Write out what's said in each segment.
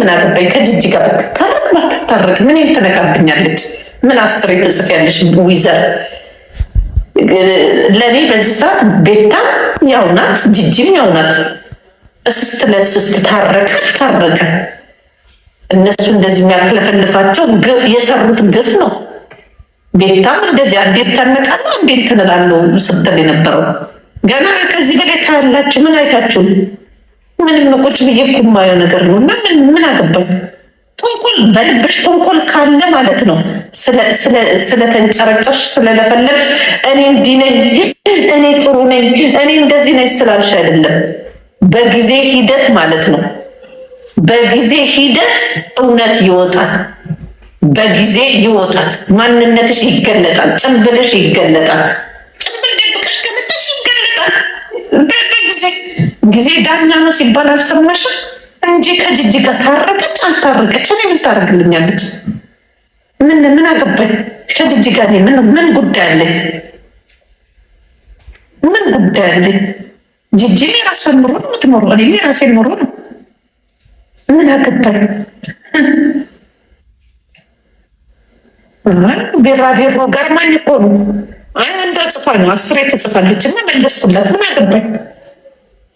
ምን አገባኝ? ከጅጅ ጋር ብትታረቅ ባትታረቅ ምን ትነካብኛለች? ምን አስር የተጽፍ ትጽፊያለሽ? ዊዘር ለእኔ በዚህ ሰዓት ቤታ ያው ናት፣ ጅጅም ያው ናት። እስስት ለስስት ታረቀ ታረቀ። እነሱ እንደዚህ የሚያክለፈልፋቸው የሰሩት ግፍ ነው። ቤታም እንደዚህ አንዴት ተነቃለ አንዴት ተነላለው ስትል የነበረው ገና ከዚህ በላይ ታያላችሁ። ምን አይታችሁም? ምንም ቁጭ ብዬ እኮ የማየው ነገር ነው እና ምን አገባኝ። ተንኮል በልብሽ ተንኮል ካለ ማለት ነው ስለተንጨረጨሽ ስለለፈለፍሽ፣ እኔ እንዲህ ነኝ፣ እኔ ጥሩ ነኝ፣ እኔ እንደዚህ ነኝ ስላልሽ አይደለም። በጊዜ ሂደት ማለት ነው በጊዜ ሂደት እውነት ይወጣል። በጊዜ ይወጣል። ማንነትሽ ይገለጣል። ጭንብልሽ ይገለጣል። ጊዜ ጊዜ ዳኛ ነው ሲባል አልሰማሽም እንጂ ከጅጅጋ ታረቀች አልታረቀች እኔ ምን ታደርግልኛለች? ምን ምን አገባኝ? ከጅጅ ጋር ምን ምን ጉዳይ አለኝ? ምን ጉዳይ አለኝ? ጅጅ የራሷን ኑሮ ነው የምትኖረው፣ እኔ የራሴን ኑሮ ነው። ምን አገባኝ? ቢራቢሮ ጋር ማን እኮ ነው ጽፋ ነው አስሬ ትጽፋለች እና መለስኩላት። ምን አገባኝ?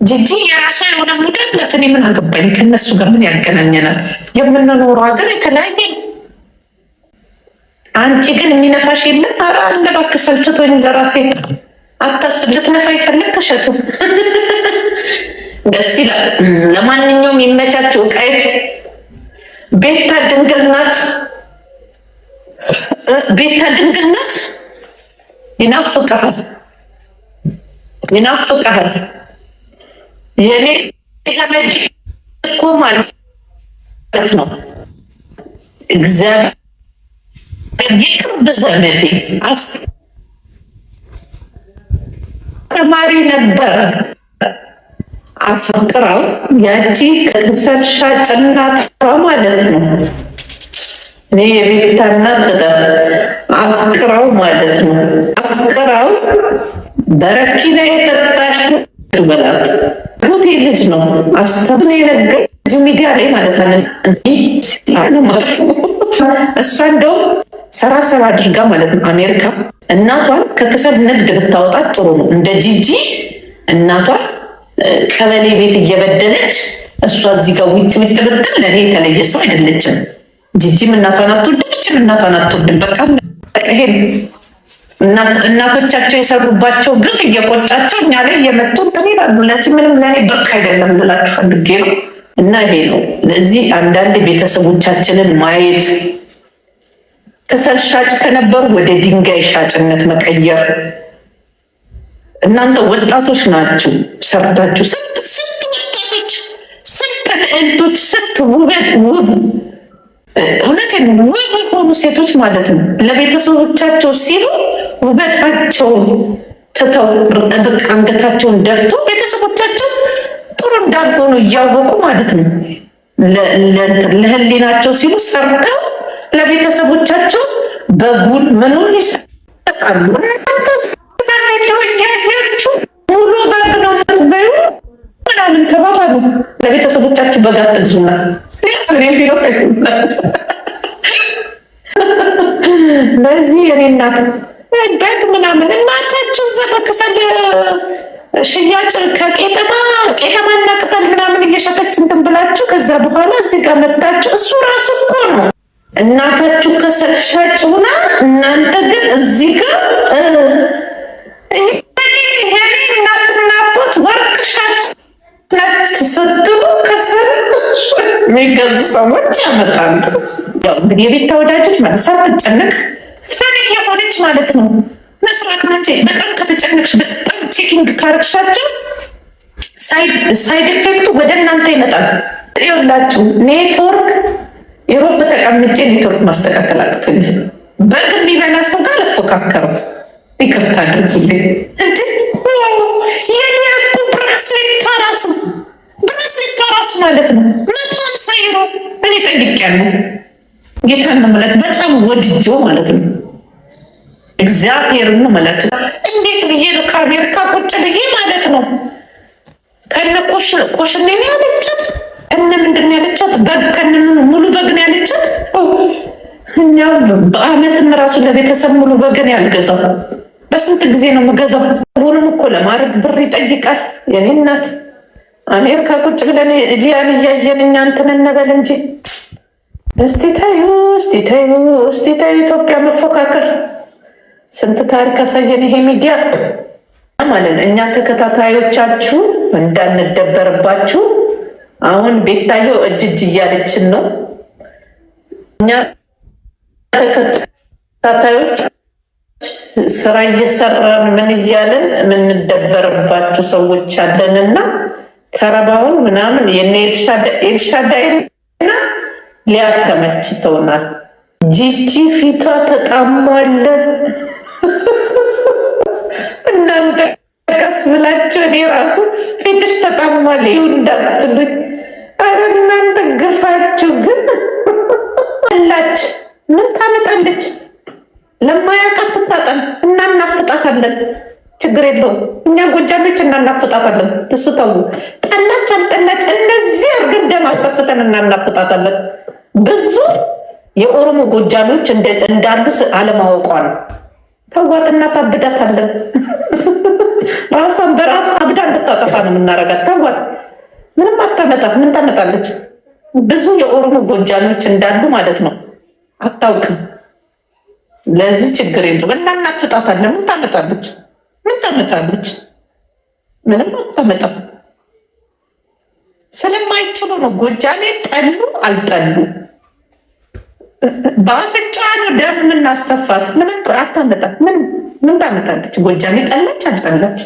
ጂጂ የራሷ የሆነ ሙድ አላት። እኔ ምን አገባኝ? ከእነሱ ጋር ምን ያገናኘናል? የምንኖረው ሀገር የተለያየ። አንቺ ግን የሚነፋሽ የለም። ኧረ አለ እባክህ፣ ሰልችቶኝ ለራሴ አታስብ። ልትነፋ ይፈለግ ከሸቱ ደስ ይላል። ለማንኛውም የሚመቻቸው ቀይ ቤታ ድንግል ናት። ቤታ ድንግል ናት። ይናፍቅሃል፣ ይናፍቅሃል የኔ ዘመድ እኮ ማለት ነው። እግዚአብሔር የቅርብ ዘመዴ አስተማሪ ነበረ። አፍቅራው ያቺ ከቅሰት ሻጭ ማለት ነው። እኔ የቤታ እናት አፍቅራው ማለት ነው። አፍቅራው በረኪና የጠጣሽ ትበላት ሆቴል ልጅ ነው አስተብ የነገ እዚሁ ሚዲያ ላይ ማለት አለ እሷ እንደውም ሰራ ሰራ አድርጋ ማለት ነው አሜሪካ እናቷን ከክሰል ንግድ ብታወጣት ጥሩ ነው። እንደ ጂጂ እናቷን ቀበሌ ቤት እየበደለች እሷ እዚህ ጋር ዊት ዊት ብትል ለኔ የተለየ ሰው አይደለችም። ጂጂም እናቷን አትወድም፣ እናቷን አትወድም። በቃ ይሄ ነው። እናቶቻቸው የሰሩባቸው ግፍ እየቆጫቸው እኛ ላይ እየመጡ እንትን ይላሉ። ለዚህ ምንም ለእኔ በቃ አይደለም ልላችሁ ፈልጌ ነው። እና ይሄ ነው። ለዚህ አንዳንድ ቤተሰቦቻችንን ማየት ከሰል ሻጭ ከነበሩ ወደ ድንጋይ ሻጭነት መቀየር። እናንተ ወጣቶች ናችሁ፣ ሰርታችሁ ስንት ስንት ወጣቶች ስንት ልዕልቶች ስንት ውበት ውብ እውነት ውብ የሆኑ ሴቶች ማለት ነው ለቤተሰቦቻቸው ሲሉ ውበታቸውን ትተው አንገታቸውን ደፍቶ ቤተሰቦቻቸው ጥሩ እንዳልሆኑ እያወቁ ማለት ነው ለህሊናቸው ሲሉ ሰርተው ለቤተሰቦቻቸው በጉን ምኑን ይሰጣሉ። በቪዲዮ ሙሉ በግ ነው የምትበዩ ምናምን ተባባሉ። ለቤተሰቦቻችሁ በግ አትግዙና እኔ እናት በግ ምናምን እናታችሁ እዛ በክሰል ሽያጭ ከቄጠማ ቄጠማና ቅጠል ምናምን እየሸጠች እንትን ብላችሁ ከዛ በኋላ እዚህ ጋር መጣችሁ። እሱ ራሱ እኮ ነው እናታችሁ ከሰል ሻጭ ሆና፣ እናንተ ግን እዚህ ጋር እናትና አባት ወርቅ ሻጭ ስትሉ ከሰል የሚገዙ ሰዎች ያመጣሉ። እንግዲህ የቤታ ወዳጆች ማለት ሳትጨነቅ ፍሬ የሆነች ማለት ነው መስራት ነው በጣም ከተጨነቅሽ በጣም ቼኪንግ ካረግሻቸው ሳይድ ኢፌክቱ ወደ እናንተ ይመጣል። ይኸውላችሁ ኔትወርክ የሮብ ተቀምጬ ኔትወርክ ማስተካከል አቅቶኛል። በግ የሚበላ ሰው ጋር አልፎካከርም። ይቅርታ አድርጉልኝ። እንደ የኔ ብራስሌት ተራሱ ብራስሌት ተራሱ ማለት ነው መቶ አምሳ ዩሮ እኔ ያለ ጌታ ነው ማለት በጣም ወድጆ ማለት ነው እግዚአብሔር ማለት ነው። እንዴት ብዬ ነው ከአሜሪካ ቁጭ ብዬ ማለት ነው ከነ ኮሽኔ ነው ያለቻት፣ እነ ምንድን ያለቻት፣ በግ ከነ ሙሉ በግን ያለችት? ያለቻት። እኛ በአመትም ራሱ ለቤተሰብ ሙሉ በግን ያልገዛው በስንት ጊዜ ነው የምገዛው? ሁሉም እኮ ለማድረግ ብር ይጠይቃል። የኔ እናት አሜሪካ ቁጭ ብለን ሊያን እያየን እኛ እንትን እንበል እንጂ እስቲ ታዩ፣ እስቲ ታዩ፣ እስቲ ታዩ ኢትዮጵያ መፎካከር ስንት ታሪክ አሳየን ይሄ ሚዲያ ማለት ነው። እኛ ተከታታዮቻችሁ እንዳንደበርባችሁ። አሁን ቤታየው እጅ እጅ እያለችን ነው። እኛ ተከታታዮች ስራ እየሰራን ምን እያለን የምንደበርባችሁ ሰዎች አለንና ተረባውን ምናምን የነ ኤልሻዳይና ሊያ ተመችተውናል። ጂጂ ፊቷ ተጣሟለን እናንተ ቀስ ብላችሁ እኔ ራሱ ፊትሽ ተጣሟል ይሁ እንዳትሉኝ። አረ እናንተ ግፋችሁ ግን አላች ምን ታመጣለች? ለማያውቃት ትታጠን እናናፍጣታለን። ችግር የለውም። እኛ ጎጃሜዎች እናናፍጣታለን። እሱ ተው ጠላች አልጠላች፣ እነዚህ አርገን ደም አስጠፍተን እናናፍጣታለን። ብዙ የኦሮሞ ጎጃሜዎች እንዳሉ አለማወቋ ነው። ተዋት፣ እናሳብዳታለን። ራሷን በራሷ አብዳ እንድታጠፋ ነው የምናረጋት። ተዋት፣ ምንም አታመጣ። ምን ታመጣለች? ብዙ የኦሮሞ ጎጃሚዎች እንዳሉ ማለት ነው። አታውቅም። ለዚህ ችግር የለም። እናናፍጣታለን። ምን ታመጣለች? ምን ታመጣለች? ምንም አታመጣም። ስለማይችሉ ነው ጎጃሜ ጠሉ አልጠሉ በአፍንጫ ነው ደም የምናስተፋት። ምንም አታመጣም። ምን ምን ታመጣለች? ጎጃሜ ጠላች አልጠላች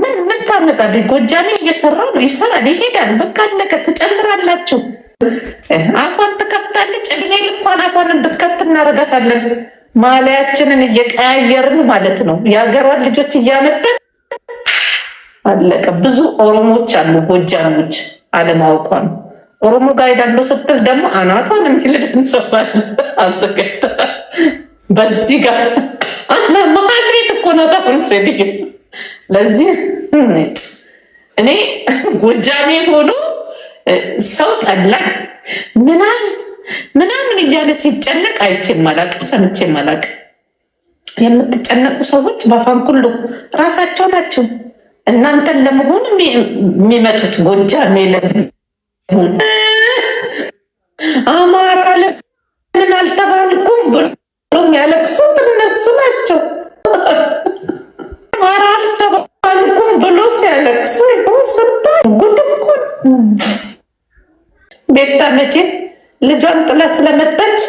ምን ምን ታመጣለች? ጎጃሜ እየሰራ ነው፣ ይሰራል፣ ይሄዳል። በቃ አለቀ። ትጨምራላችሁ። አፏን ትከፍታለች። እድሜ ልኳን አፏን እንድትከፍት እናደርጋታለን። ማሊያችንን እየቀያየርን ማለት ነው፣ የሀገሯን ልጆች እያመጠን አለቀ። ብዙ ኦሮሞዎች አሉ ጎጃሞች፣ አለማወቋ ነው። ኦሮሞ ጋር ሄዳለሁ ስትል ደግሞ አናቷን የሚልድን እንሰማለን። አዘገተ በዚህ ጋር መሀል ቤት እኮ ናት አሁን ሴት። ለዚህ ነጭ እኔ ጎጃሜ ሆኖ ሰው ጠላ ምናምን እያለ ሲጨነቅ አይቼም አላቅም፣ ሰምቼም አላቅም። የምትጨነቁ ሰዎች በአፋን ሁሉ ራሳቸው ናቸው እናንተን ለመሆኑ የሚመጡት ጎጃሜ አማራ ለምን አልተባልኩም ብሎ ያለቅሱት እነሱ ናቸው። አማራ አልተባልኩም ብሎ ሲያለቅሱ ስታ ጉድኩን ቤታ መቼም ልጇን ጥላ ስለመጣች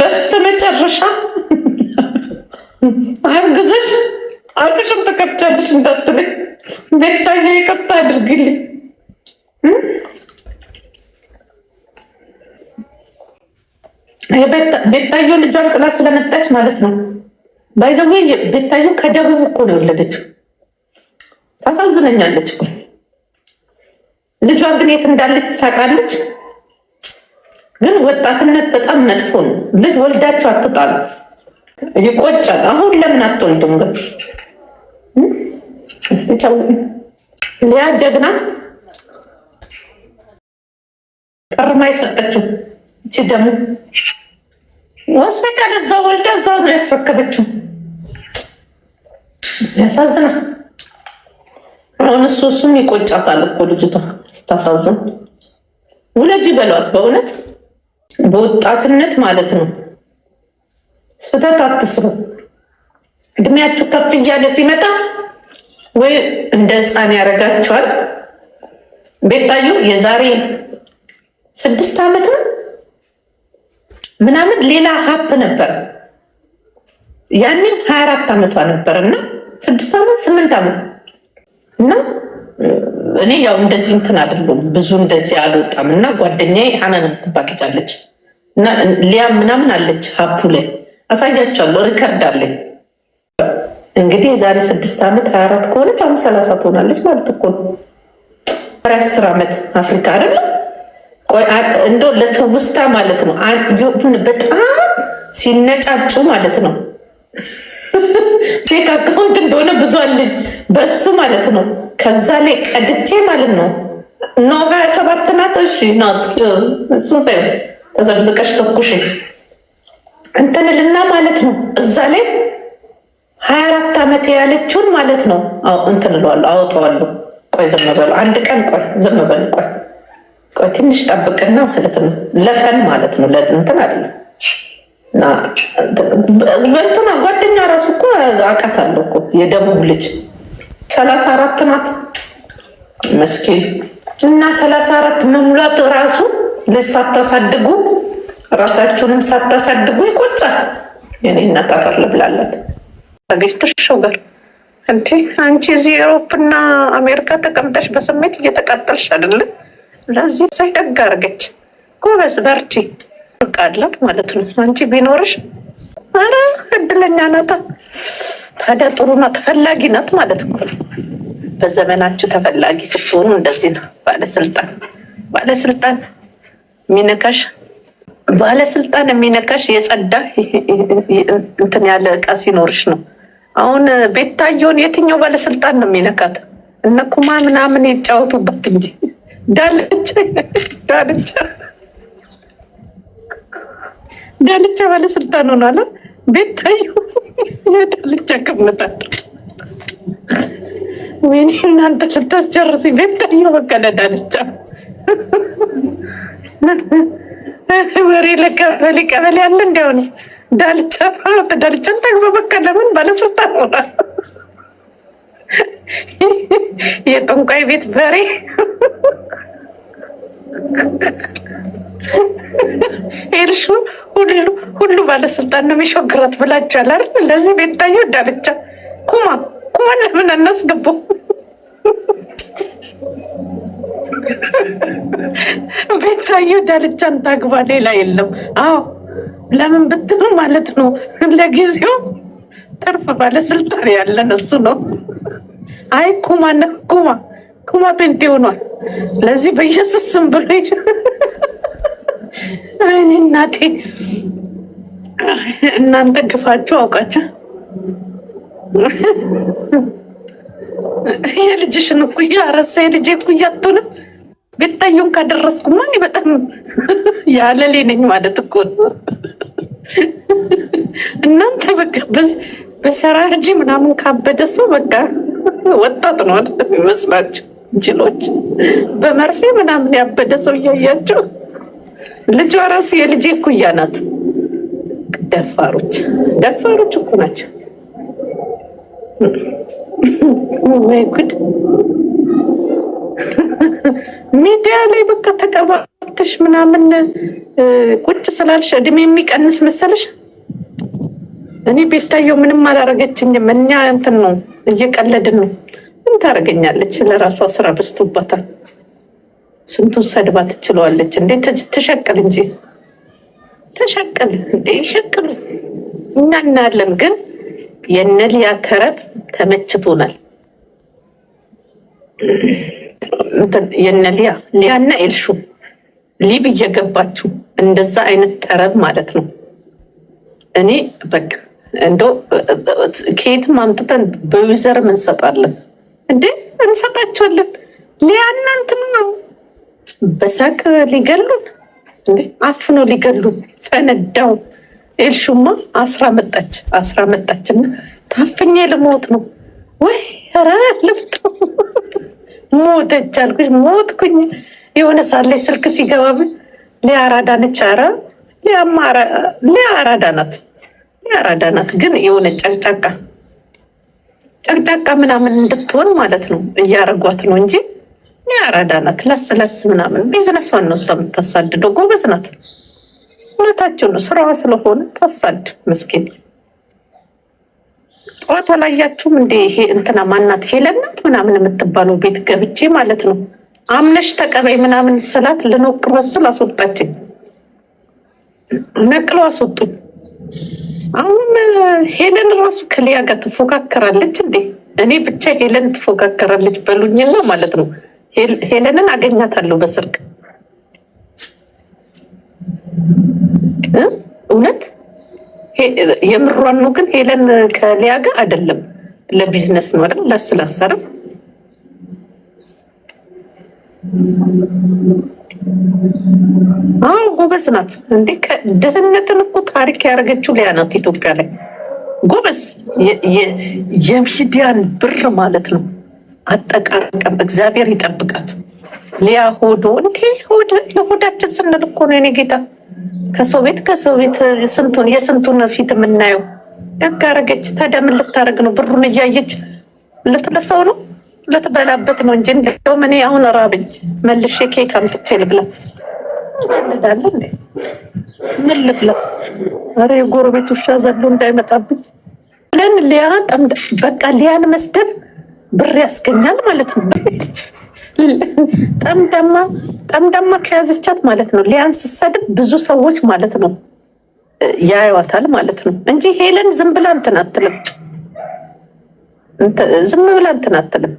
በስተ መጨረሻ አርግዘሽ አፍሽን ተከፍቻለሽ እንዳትለኝ ቤታዬ ይቅርታ አድርግልኝ። ቤታዬ ልጇን ጥላ ስለመጣች ማለት ነው። ባይዘዌ ቤታዬ ከደቡብ እኮ ነው የወለደችው። ታሳዝነኛለች ልጇ ግን የት እንዳለች ታውቃለች። ግን ወጣትነት በጣም መጥፎ ነው። ልጅ ወልዳችሁ አትጣሉ፣ ይቆጫል። አሁን ለምን አትወልዱም ግን ሊያ ጀግና ቅርማ የሰጠችው እቺ ደግሞ ሆስፒታል እዛው ወልደ እዛው ነው ያስረከበችው። ያሳዝናል። አሁን እሱ እሱም ይቆጫታል እኮ ልጅቷ ስታሳዝን። ውለጅ በሏት በእውነት በወጣትነት ማለት ነው። ስህተት አትስሩ። እድሜያችሁ ከፍ እያለ ሲመጣ ወይ እንደ ህፃን ያደርጋችኋል። ቤታዩ የዛሬ ስድስት ዓመት ነው ምናምን ሌላ ሀፕ ነበር። ያንን ሀያ አራት ዓመቷ ነበር እና ስድስት ዓመት ስምንት ዓመት እና እኔ ያው እንደዚህ እንትን አይደለሁም ብዙ እንደዚህ አልወጣም። እና ጓደኛዬ አናን ትባቅጫለች እና ሊያም ምናምን አለች ሀፑ ላይ አሳያቸዋለሁ፣ ሪከርድ አለኝ እንግዲህ የዛሬ ስድስት ዓመት ሀያ አራት ከሆነች አሁን ሰላሳ ትሆናለች ማለት እኮ ነው። አስር ዓመት አፍሪካ አይደለ እንደ ለትውስታ ማለት ነው። በጣም ሲነጫጩ ማለት ነው። ቼክ አካውንት እንደሆነ ብዙ አለኝ በሱ ማለት ነው። ከዛ ላይ ቀድቼ ማለት ነው። ኖ ሀያ ሰባት ናት። እሺ ናት። እሱን ተዘቅዝቀሽ ተኩሽ እንትንልና ማለት ነው እዛ ላይ ሀያ አራት ዓመት ያለችውን ማለት ነው እንትን እለዋለሁ አወጣዋለሁ። ቆይ ዝም በሉ አንድ ቀን ቆይ ዝም በሉ ቆይ ቆይ ትንሽ ጠብቅና ማለት ነው ለፈን ማለት ነው ለእንትን አይደለም በእንትና ጓደኛ ራሱ እኮ አውቃታለሁ እኮ የደቡብ ልጅ ሰላሳ አራት ናት መስኪን እና ሰላሳ አራት መሙላት ራሱ ልጅ ሳታሳድጉ ራሳችሁንም ሳታሳድጉ ይቆጫል። የኔ እናት አፈር ልብላለት ተገጅተሽው ጋር እንዴ አንቺ እዚህ ኤሮፕና አሜሪካ ተቀምጠሽ በስሜት እየተቃጠልሽ አይደለም። ለዚህ ሳይ ደግ አርገች ጎበዝ በርቺ ቃላት ማለት ነው። አንቺ ቢኖርሽ አረ እድለኛ ናታ። ታዲያ ጥሩ ናት፣ ተፈላጊ ናት ማለት እኮ በዘመናችሁ ተፈላጊ ስትሆኑ እንደዚህ ነው። ባለስልጣን ባለስልጣን የሚነካሽ ባለስልጣን የሚነካሽ የጸዳ እንትን ያለ እቃ ሲኖርሽ ነው። አሁን ቤታየውን የትኛው ባለስልጣን ነው የሚነካት? እነ ኩማ ምናምን የጫወቱበት እንጂ ዳልቻ ዳልቻ ዳልቻ ባለስልጣን ሆኗል። ቤታዩ ዳልቻ ቅምጣል። ወይኔ እናንተ ልታስጨርሱ። ቤታዩ በቃ ዳልቻ ወሬ ለቀበሌ ቀበሌ አለ እንዲያው ነው ዳልቻ ዳልቻን ጠግበ በቃ ለምን ባለስልጣን ሆና የጠንቋይ ቤት በሬ ኤልሹ ሁሉ ሁሉ ባለስልጣን ነው የሚሾግራት ብላችኋል አይደል? ለዚህ ቤት ታየ ዳልቻ ኩማ ኩማን ለምን አናስገቡ? ቤት ታየ ዳልቻን ታግባ ሌላ የለም። አዎ ለምን ብትሉ ማለት ነው ለጊዜው ትርፍ ባለስልጣን ያለን እሱ ነው። አይ ኩማ ነ ኩማ ኩማ ጴንጤ ሆኗል። ለዚህ በኢየሱስ ስም ብሎ እናቴ እናንተ ግፋችሁ አውቃችሁ የልጅሽን እኩያ ረሳ የልጅ እኩያ አትሆንም። ቤታየውን ካደረስኩማ እኔ በጣም ያለሌ ነኝ ማለት እኮ ነው። እናንተ በቃ በሰራርጅ ምናምን ካበደ ሰው በቃ ወጣት ነው ይመስላቸው ጅሎች። በመርፌ ምናምን ያበደ ሰው እያያቸው ልጇ ራሱ የልጅ እኩያ ናት። ደፋሮች ደፋሮች እኮ ናቸው። ወይ ጉድ ሚዲያ ላይ በቃ ተቀባ ትሽ ምናምን ቁጭ ስላልሽ እድሜ የሚቀንስ መሰለሽ? እኔ ቤታየው ምንም አላረገችኝም። እኛ እንትን ነው እየቀለድን ነው። ምን ታደርገኛለች? ለራሷ ስራ በዝቶባታል። ስንቱን ሰድባ ትችለዋለች እንዴ! ትሸቅል እንጂ ተሸቅል እንዴ! ይሸቅሉ እኛ እናያለን። ግን የነ ሊያ ተረብ ተመችቶናል። የነ ሊያ ሊያና ኤልሹ ሊቭ እየገባችሁ እንደዛ አይነት ጠረብ ማለት ነው። እኔ በቃ እንዶ ከየትም አምጥተን በዩዘርም እንሰጣለን እንዴ እንሰጣቸዋለን። ሊያናንትን ነው በሳቅ ሊገሉን እንዴ አፍኖ ሊገሉን። ፈነዳው ኤልሹማ አስራ መጣች አስራ መጣችና ታፍኜ ልሞት ነው ወይ ኧረ ልብቶ ሞተች አልኩሽ ሞትኩኝ። የሆነ ሳለ ስልክ ሲገባብ ሊያራዳ አራዳ ነች። ኧረ ናት፣ ሊያ ናት። ግን የሆነ ጨቅጫቃ ጨቅጫቃ ምናምን እንድትሆን ማለት ነው እያረጓት ነው እንጂ ሊያ አራዳ ናት። ለስ ለስ ምናምን ቢዝነሷን ነው እሷ የምታሳድደው። ጎበዝ ናት። እውነታቸው ነው። ስራዋ ስለሆነ ታሳድ ምስኪን። ጠዋት አላያችሁም እንዴ? ይሄ እንትና ማናት ሄለናት ምናምን የምትባለው ቤት ገብቼ ማለት ነው አምነሽ ተቀበይ ምናምን ስላት ልኖክበት መስል አስወጣችኝ። ነቅለው አስወጡኝ። አሁን ሄለን ራሱ ከሊያ ጋር ትፎካከራለች እንዴ? እኔ ብቻ ሄለን ትፎካከራለች በሉኝና ማለት ነው። ሄለንን አገኛታለሁ በስልክ እውነት የምሯኑ ግን ሄለን ከሊያ ጋር አይደለም፣ ለቢዝነስ ነው አይደል? አሁን ጎበዝ ናት እንዴ! ድህነትን እኮ ታሪክ ያደረገችው ሊያ ናት። ኢትዮጵያ ላይ ጎበዝ የሚዲያን ብር ማለት ነው አጠቃቀም እግዚአብሔር ይጠብቃት። ሊያ ሆዶ እንዴ ለሆዳችን ስንል እኮ ነው የኔ ጌታ። ከሰው ቤት ከሰው ቤት ስንቱን የስንቱን ፊት የምናየው ደግ አደረገች። ታዲያ ምን ልታደርግ ነው? ብሩን እያየች ልትለሰው ነው ልትበላበት ነው እንጂ እንደውም እኔ አሁን ራብኝ መልሼ ኬክ አምጥቼ ልብላ። ይቀልዳል እንዴ? ምን ልብላ? ኧረ የጎረቤት ውሻ ዘሎ እንዳይመጣብኝ ብለን ሊያን ጠምደ በቃ ሊያን መስደብ ብር ያስገኛል ማለት ነው። ጠምደማ ጠምደማ ከያዘቻት ማለት ነው። ሊያን ስሰድብ ብዙ ሰዎች ማለት ነው ያዩዋታል ማለት ነው እንጂ ሄለን ዝም ብላ እንትን አትልም። ዝም ብላ እንትን አትልም።